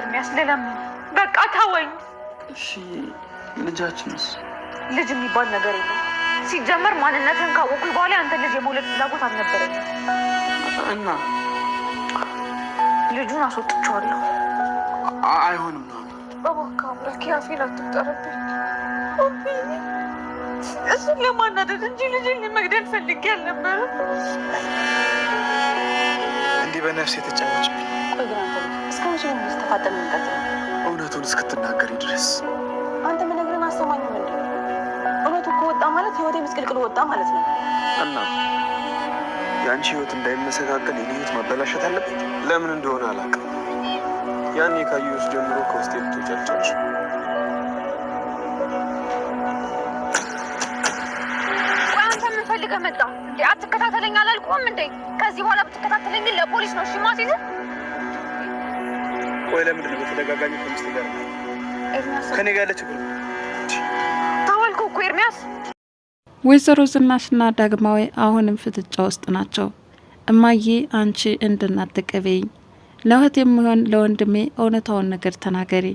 ኤርሚያስ ልለምን፣ በቃ ተወኝ። እሺ ልጃችንስ? ልጅ የሚባል ነገር የለም። ሲጀመር ማንነትን ካወቁ በኋላ አንተ ልጅ የመውለድ ፍላጎት አልነበረኝ እና ልጁን አስወጥቼዋለሁ። አይሆንም ነው እባክህ አምላኬ፣ አትጠረብኝ። እሱን ለማናደድ እንጂ ልጅን መግደል ፈልጌ አልነበረም። እንዲህ በነፍስ በነፍሴ ነው እስከመቼ ስተፋጠምንበት? እውነቱን እስክትናገሪ ድረስ አንተ የምነግርህን አሰማኝ። ምንድን እውነቱ እኮ ወጣ ማለት ህይወቴ ምስቅልቅል ወጣ ማለት ነው። እና የአንቺ ህይወት እንዳይመሰጋገል የኔ ህይወት ማበላሸት አለበት። ለምን እንደሆነ አላውቅም። ያኔ ካየሁሽ ጀምሮ ከውስጤ ብትጨርጨርሽ ፈልገህ መጣ እንዴ? አትከታተለኝ አላልኩህም እንዴ? ከዚህ በኋላ ብትከታተለኝ ለፖሊስ ነው ሽማሴ ነው። ቆይ ለምንድን ነው በተደጋጋሚ ከሚስት ጋር ከኔ ጋር ያለችው? ታወልኩ እኮ ኤርሚያስ። ወይዘሮ ዝናሽና ዳግማዊ አሁንም ፍጥጫ ውስጥ ናቸው። እማዬ አንቺ እንድናትቀበይኝ ለእህት የሚሆን ለወንድሜ እውነታውን ነገር ተናገሪ፣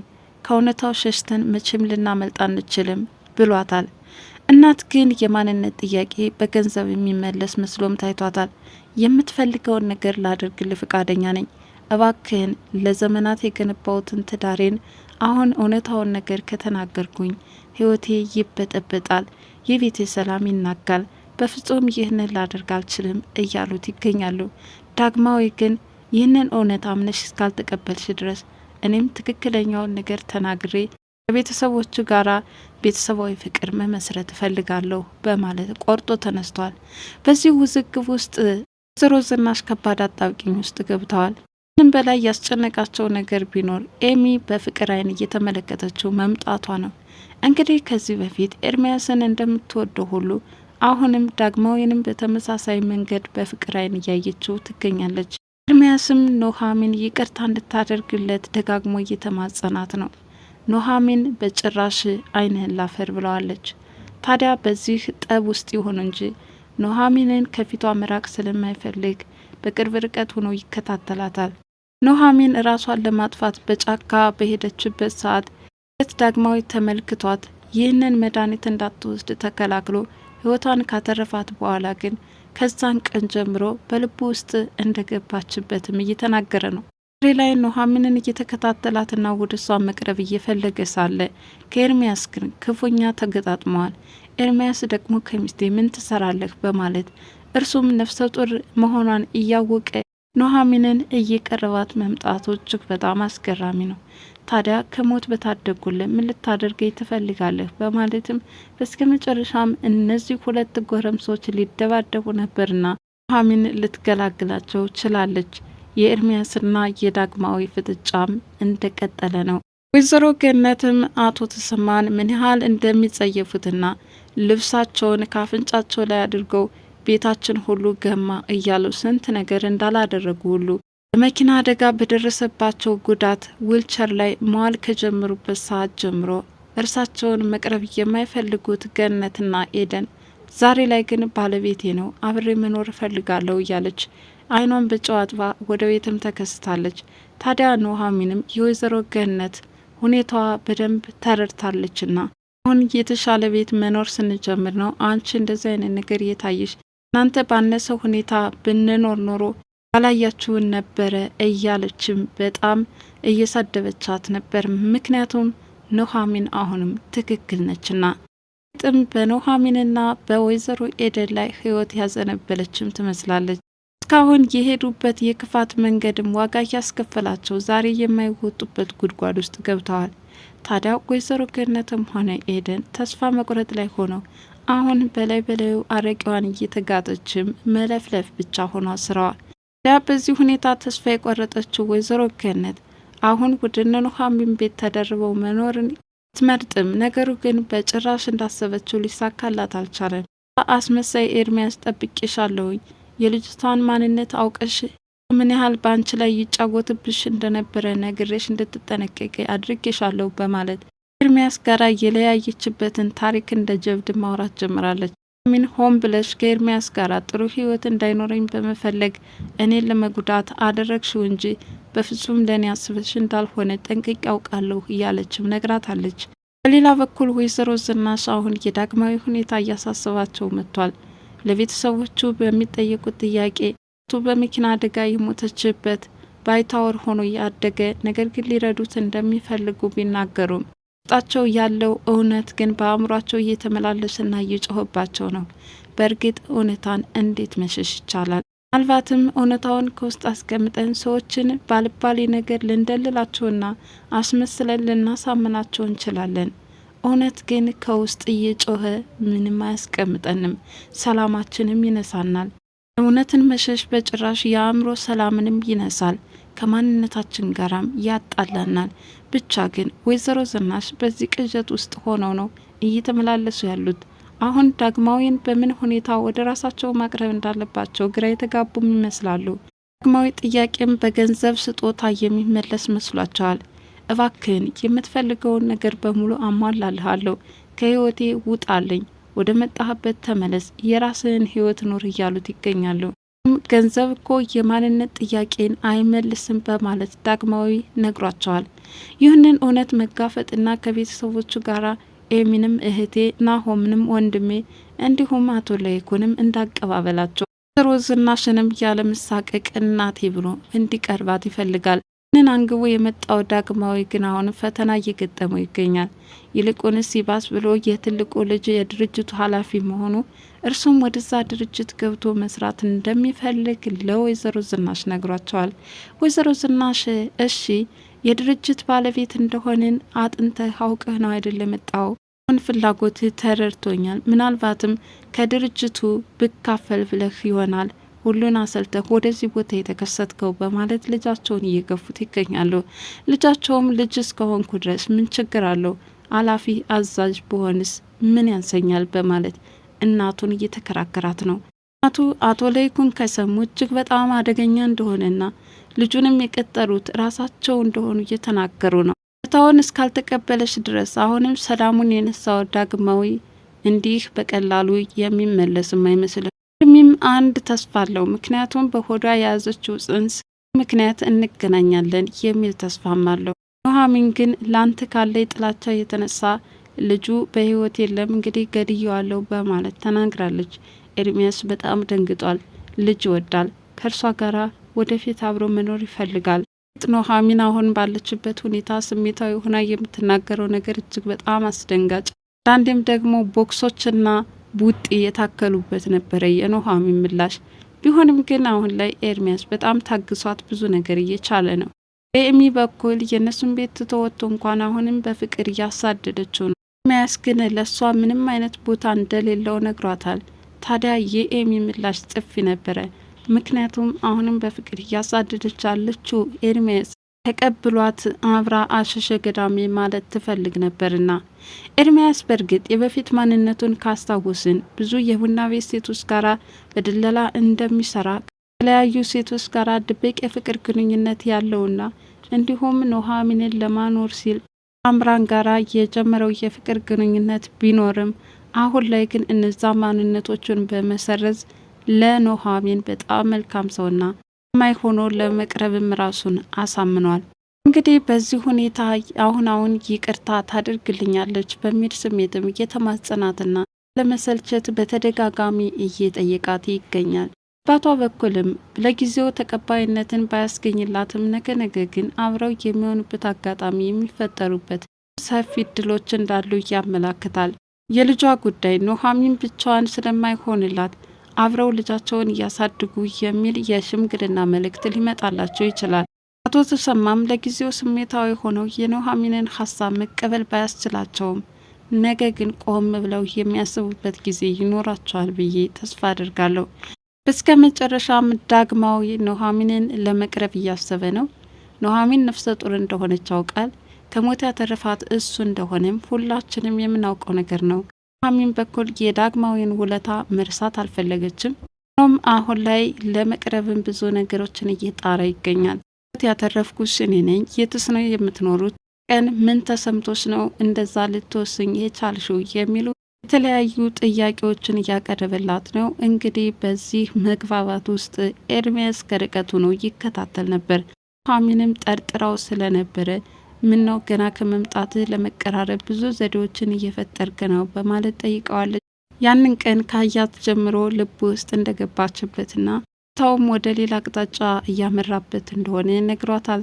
ከእውነታው ሸሽተን መቼም ልናመልጥ አንችልም ብሏታል። እናት ግን የማንነት ጥያቄ በገንዘብ የሚመለስ መስሎም ታይቷታል። የምትፈልገውን ነገር ላደርግልህ ፈቃደኛ ነኝ እባክህን ለዘመናት የገነባውትን ትዳሬን አሁን እውነታውን ነገር ከተናገርኩኝ ህይወቴ ይበጠበጣል፣ የቤቴ ሰላም ይናጋል። በፍጹም ይህንን ላደርግ አልችልም እያሉት ይገኛሉ። ዳግማዊ ግን ይህንን እውነት አምነሽ እስካልተቀበልሽ ድረስ እኔም ትክክለኛውን ነገር ተናግሬ ከቤተሰቦቹ ጋር ቤተሰባዊ ፍቅር መመስረት እፈልጋለሁ በማለት ቆርጦ ተነስቷል። በዚህ ውዝግብ ውስጥ ወይዘሮ ዝናሽ ከባድ አጣብቂኝ ውስጥ ገብተዋል። ምንም በላይ ያስጨነቃቸው ነገር ቢኖር ኤሚ በፍቅር አይን እየተመለከተችው መምጣቷ ነው። እንግዲህ ከዚህ በፊት ኤርሚያስን እንደምትወደው ሁሉ አሁንም ዳግማዊንም በተመሳሳይ መንገድ በፍቅር አይን እያየችው ትገኛለች። ኤርሚያስም ኑሐሚን ይቅርታ እንድታደርግለት ደጋግሞ እየተማጸናት ነው። ኑሐሚን በጭራሽ አይንህን ላፈር ብለዋለች። ታዲያ በዚህ ጠብ ውስጥ ይሆኑ እንጂ ኑሐሚንን ከፊቷ መራቅ ስለማይፈልግ በቅርብ ርቀት ሆኖ ይከታተላታል። ኑሐሚን ራሷን ለማጥፋት በጫካ በሄደችበት ሰዓት ት ዳግማዊ ተመልክቷት ይህንን መድኃኒት እንዳትወስድ ተከላክሎ ህይወቷን ካተረፋት በኋላ ግን ከዛን ቀን ጀምሮ በልቡ ውስጥ እንደገባችበትም እየተናገረ ነው። ሬ ላይ ኑሐሚንን እየተከታተላትና ወደ እሷ መቅረብ እየፈለገ ሳለ ከኤርሚያስ ግን ክፉኛ ተገጣጥመዋል። ኤርሚያስ ደግሞ ከሚስቴ ምን ትሰራለህ በማለት እርሱም ነፍሰ ጡር መሆኗን እያወቀ ኑሐሚንን እየቀረባት መምጣቱ እጅግ በጣም አስገራሚ ነው። ታዲያ ከሞት በታደጉልን ምን ልታደርገኝ ትፈልጋለህ? በማለትም እስከ መጨረሻም እነዚህ ሁለት ጎረምሶች ሊደባደቡ ነበርና ኑሐሚን ልትገላግላቸው ችላለች። የኤርሚያስና የዳግማዊ ፍጥጫም እንደቀጠለ ነው። ወይዘሮ ገነትም አቶ ተሰማን ምን ያህል እንደሚጸየፉትና ልብሳቸውን ከአፍንጫቸው ላይ አድርገው ቤታችን ሁሉ ገማ እያሉ ስንት ነገር እንዳላደረጉ ሁሉ በመኪና አደጋ በደረሰባቸው ጉዳት ዊልቸር ላይ መዋል ከጀመሩበት ሰዓት ጀምሮ እርሳቸውን መቅረብ የማይፈልጉት ገነትና ኤደን ዛሬ ላይ ግን ባለቤቴ ነው አብሬ መኖር እፈልጋለሁ እያለች አይኗን በጨዋጥባ ወደ ቤትም ተከስታለች። ታዲያ ኑሐሚንም የወይዘሮ ገነት ሁኔታዋ በደንብ ተረድታለችና አሁን የተሻለ ቤት መኖር ስንጀምር ነው አንቺ እንደዚህ አይነት ነገር እየታየሽ እናንተ ባነሰው ሁኔታ ብንኖር ኖሮ ባላያችሁን ነበረ እያለችም በጣም እየሳደበቻት ነበር። ምክንያቱም ኑሐሚን አሁንም ትክክል ነችና ጥም በኑሐሚንና በወይዘሮ ኤደን ላይ ህይወት ያዘነበለችም ትመስላለች። እስካሁን የሄዱበት የክፋት መንገድም ዋጋ እያስከፈላቸው ዛሬ የማይወጡበት ጉድጓድ ውስጥ ገብተዋል። ታዲያ ወይዘሮ ገነትም ሆነ ኤደን ተስፋ መቁረጥ ላይ ሆነው አሁን በላይ በላዩ አረቂዋን እየተጋጠችም መለፍለፍ ብቻ ሆኗ ስራዋ ያ በዚህ ሁኔታ ተስፋ የቆረጠችው ወይዘሮ ገነት አሁን ወደ እነ ኑሐሚን ቤት ተደርበው መኖርን ትመርጥም፣ ነገሩ ግን በጭራሽ እንዳሰበችው ሊሳካላት አልቻለም። አስመሳይ ኤርሚያስ ጠብቄሻለሁኝ፣ የልጅቷን ማንነት አውቀሽ ምን ያህል በአንቺ ላይ ይጫወትብሽ እንደነበረ ነግሬሽ እንድትጠነቀቂ አድርጌሻለሁ በማለት ከኤርሚያስ ጋር የለያየችበትን ታሪክ እንደ ጀብድ ማውራት ጀምራለች። ሚን ሆን ብለሽ ከኤርሚያስ ጋር ጥሩ ህይወት እንዳይኖረኝ በመፈለግ እኔን ለመጉዳት አደረግሽው እንጂ በፍጹም ለእኔ አስበሽ እንዳልሆነ ጠንቅቅ ያውቃለሁ እያለችም ነግራታለች። በሌላ በኩል ወይዘሮ ዝናሽ አሁን የዳግማዊ ሁኔታ እያሳሰባቸው መጥቷል። ለቤተሰቦቹ በሚጠየቁት ጥያቄ ቱ በመኪና አደጋ የሞተችበት ባይታወር ሆኖ ያደገ ነገር ግን ሊረዱት እንደሚፈልጉ ቢናገሩም ውስጣቸው ያለው እውነት ግን በአእምሯቸው እየተመላለሰና እየጮኸባቸው ነው። በእርግጥ እውነታን እንዴት መሸሽ ይቻላል? ምናልባትም እውነታውን ከውስጥ አስቀምጠን ሰዎችን ባልባሌ ነገር ልንደልላቸውና አስመስለን ልናሳምናቸው እንችላለን። እውነት ግን ከውስጥ እየጮኸ ምንም አያስቀምጠንም፣ ሰላማችንም ይነሳናል። እውነትን መሸሽ በጭራሽ የአእምሮ ሰላምንም ይነሳል። ከማንነታችን ጋራም ያጣላናል። ብቻ ግን ወይዘሮ ዝናሽ በዚህ ቅዠት ውስጥ ሆነው ነው እየተመላለሱ ያሉት። አሁን ዳግማዊን በምን ሁኔታ ወደ ራሳቸው ማቅረብ እንዳለባቸው ግራ የተጋቡም ይመስላሉ። ዳግማዊ ጥያቄም በገንዘብ ስጦታ የሚመለስ መስሏቸዋል። እባክህን የምትፈልገውን ነገር በሙሉ አሟላልሃለሁ፣ ከህይወቴ ውጣልኝ፣ ወደ መጣህበት ተመለስ፣ የራስህን ህይወት ኑር እያሉት ይገኛሉ። ገንዘብ እኮ የማንነት ጥያቄን አይመልስም በማለት ዳግማዊ ነግሯቸዋል። ይህንን እውነት መጋፈጥና ከቤተሰቦቹ ጋር ኤሚንም እህቴ ናሆምንም ወንድሜ እንዲሁም አቶ ለይኩንም እንዳቀባበላቸው ሮዝና ሽንም ያለ እናቴ ብሎ እንዲቀርባት ይፈልጋል። ንን አንግቦ የመጣው ዳግማዊ ግን አሁን ፈተና እየገጠመው ይገኛል። ይልቁንስ ሲባስ ብሎ የትልቁ ልጅ የድርጅቱ ኃላፊ መሆኑ እርሱም ወደዛ ድርጅት ገብቶ መስራት እንደሚፈልግ ለወይዘሮ ዝናሽ ነግሯቸዋል። ወይዘሮ ዝናሽ እሺ የድርጅት ባለቤት እንደሆንን አጥንተህ አውቀህ ነው አይደል የመጣው? ሁን ፍላጎት ተረድቶኛል። ምናልባትም ከድርጅቱ ብካፈል ብለህ ይሆናል ሁሉን አሰልተህ ወደዚህ ቦታ የተከሰትከው በማለት ልጃቸውን እየገፉት ይገኛሉ። ልጃቸውም ልጅ እስከሆንኩ ድረስ ምን ችግር አለው? አላፊ አዛዥ በሆንስ ምን ያንሰኛል? በማለት እናቱን እየተከራከራት ነው። እናቱ አቶ ለይኩን ከሰሙ እጅግ በጣም አደገኛ እንደሆነና ልጁንም የቀጠሩት ራሳቸው እንደሆኑ እየተናገሩ ነው። እታውን እስካልተቀበለች ድረስ አሁንም ሰላሙን የነሳው ዳግማዊ እንዲህ በቀላሉ የሚመለስም አይመስልም። እድሜም አንድ ተስፋ አለው። ምክንያቱም በሆዷ የያዘችው ጽንስ ምክንያት እንገናኛለን የሚል ተስፋም አለው። ኑሐሚን ግን ላንተ ካለ ጥላቻ የተነሳ ልጁ በህይወት የለም እንግዲህ ገድየዋለሁ በማለት ተናግራለች። ኤርሚያስ በጣም ደንግጧል። ልጅ ይወዳል። ከእርሷ ጋራ ወደፊት አብሮ መኖር ይፈልጋል። ኑሐሚን አሁን ባለችበት ሁኔታ ስሜታዊ ሆና የምትናገረው ነገር እጅግ በጣም አስደንጋጭ፣ አንዳንዴም ደግሞ ቦክሶችና ቡጢ የታከሉበት ነበረ የኑሐሚን ምላሽ። ቢሆንም ግን አሁን ላይ ኤርሚያስ በጣም ታግሷት ብዙ ነገር እየቻለ ነው። በኤሚ በኩል የእነሱን ቤት ትቶ ወጥቶ እንኳን አሁንም በፍቅር እያሳደደችው ነው። ኤርሚያስ ግን ለእሷ ምንም አይነት ቦታ እንደሌለው ነግሯታል። ታዲያ የኤሚ ምላሽ ጥፊ ነበረ። ምክንያቱም አሁንም በፍቅር እያሳደደች ያለችው ኤርሚያስ ተቀብሏት አብራ አሸሸ ገዳሜ ማለት ትፈልግ ነበርና ኤርሚያስ በእርግጥ የበፊት ማንነቱን ካስታወስን ብዙ የቡና ቤት ሴቶች ጋራ በድለላ እንደሚሰራ ከተለያዩ ሴቶች ጋራ ድብቅ የፍቅር ግንኙነት ያለውና እንዲሁም ኑሐሚንን ለማኖር ሲል አምራን ጋራ የጀመረው የፍቅር ግንኙነት ቢኖርም አሁን ላይ ግን እነዛ ማንነቶቹን በመሰረዝ ለኑሐሚን በጣም መልካም ሰውና ማይ ሆኖ ለመቅረብም ራሱን አሳምኗል። እንግዲህ በዚህ ሁኔታ አሁን አሁን ይቅርታ ታደርግልኛለች በሚል ስሜትም እየተማጸናትና ለመሰልቸት በተደጋጋሚ እየጠየቃት ይገኛል። በአቷ በኩልም ለጊዜው ተቀባይነትን ባያስገኝላትም ነገ ነገ ግን አብረው የሚሆኑበት አጋጣሚ የሚፈጠሩበት ሰፊ እድሎች እንዳሉ ያመላክታል። የልጇ ጉዳይ ኑሐሚን ብቻዋን ስለማይሆንላት አብረው ልጃቸውን እያሳድጉ የሚል የሽምግልና መልእክት ሊመጣላቸው ይችላል። አቶ ተሰማም ለጊዜው ስሜታዊ ሆነው የኑሐሚንን ሀሳብ መቀበል ባያስችላቸውም ነገ ግን ቆም ብለው የሚያስቡበት ጊዜ ይኖራቸዋል ብዬ ተስፋ አድርጋለሁ። እስከ መጨረሻም ዳግማዊ ኑሐሚንን ለመቅረብ እያሰበ ነው። ኑሐሚን ነፍሰ ጡር እንደሆነች ያውቃል። ከሞት ያተረፋት እሱ እንደሆነም ሁላችንም የምናውቀው ነገር ነው። ኑሐሚን በኩል የዳግማዊን ውለታ መርሳት አልፈለገችም። ሆኖም አሁን ላይ ለመቅረብን ብዙ ነገሮችን እየጣረ ይገኛል። ሞት ያተረፍኩሽ እኔ ነኝ፣ የትስ ነው የምትኖሩት? ቀን ምን ተሰምቶች ነው እንደዛ ልትወስኝ የቻልሽው? የሚሉ የተለያዩ ጥያቄዎችን እያቀረበላት ነው። እንግዲህ በዚህ መግባባት ውስጥ ኤርሚያስ ከርቀት ሆኖ ይከታተል ነበር። ኑሐሚንም ጠርጥራው ስለነበረ ምን ነው ገና ከመምጣት ለመቀራረብ ብዙ ዘዴዎችን እየፈጠርክ ነው በማለት ጠይቀዋለች። ያንን ቀን ካያት ጀምሮ ልብ ውስጥ እንደገባችበትና ታውም ወደ ሌላ አቅጣጫ እያመራበት እንደሆነ ነግሯታል።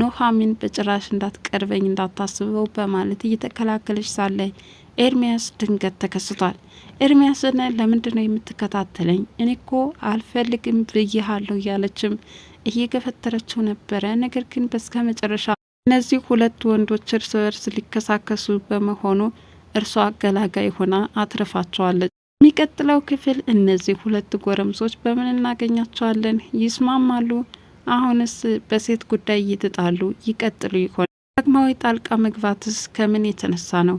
ኑሐሚን በጭራሽ እንዳትቀርበኝ እንዳታስበው በማለት እየተከላከለች ሳለ ኤርሚያስ ድንገት ተከስቷል። ኤርሚያስን ለምንድን ነው የምትከታተለኝ? እኔ እኮ አልፈልግም ብዬሃለሁ እያለችም እየገፈተረችው ነበረ። ነገር ግን በስከ መጨረሻ እነዚህ ሁለት ወንዶች እርስ በርስ ሊከሳከሱ በመሆኑ እርሷ አገላጋይ ሆና አትረፋቸዋለች። የሚቀጥለው ክፍል እነዚህ ሁለት ጎረምሶች በምን እናገኛቸዋለን? ይስማማሉ? አሁንስ በሴት ጉዳይ እየተጣሉ ይቀጥሉ ይሆን? ዳግማዊ ጣልቃ መግባትስ ከምን የተነሳ ነው?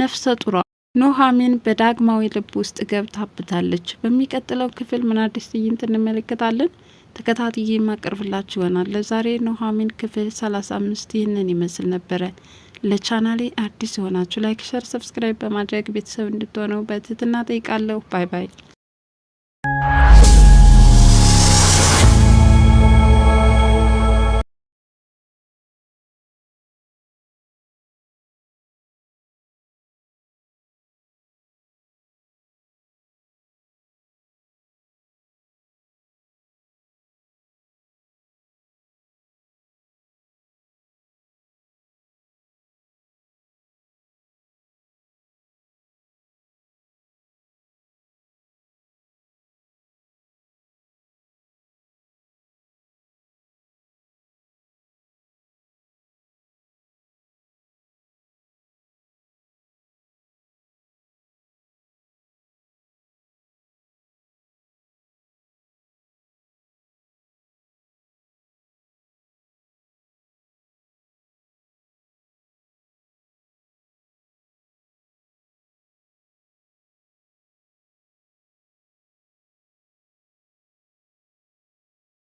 ነፍሰ ጡሯ ኑሐሚን በዳግማዊ ልብ ውስጥ ገብታብታለች። በሚቀጥለው ክፍል ምን አዲስ ትዕይንት እንመለከታለን? ተከታትዬ የማቀርብላችሁ ይሆናል። ለዛሬ ኑሐሚን ክፍል 35 ይህንን ይመስል ነበረ። ለቻናሌ አዲስ የሆናችሁ ላይክ፣ ሸር፣ ሰብስክራይብ በማድረግ ቤተሰብ እንድትሆነው በትህትና ጠይቃለሁ። ባይ ባይ።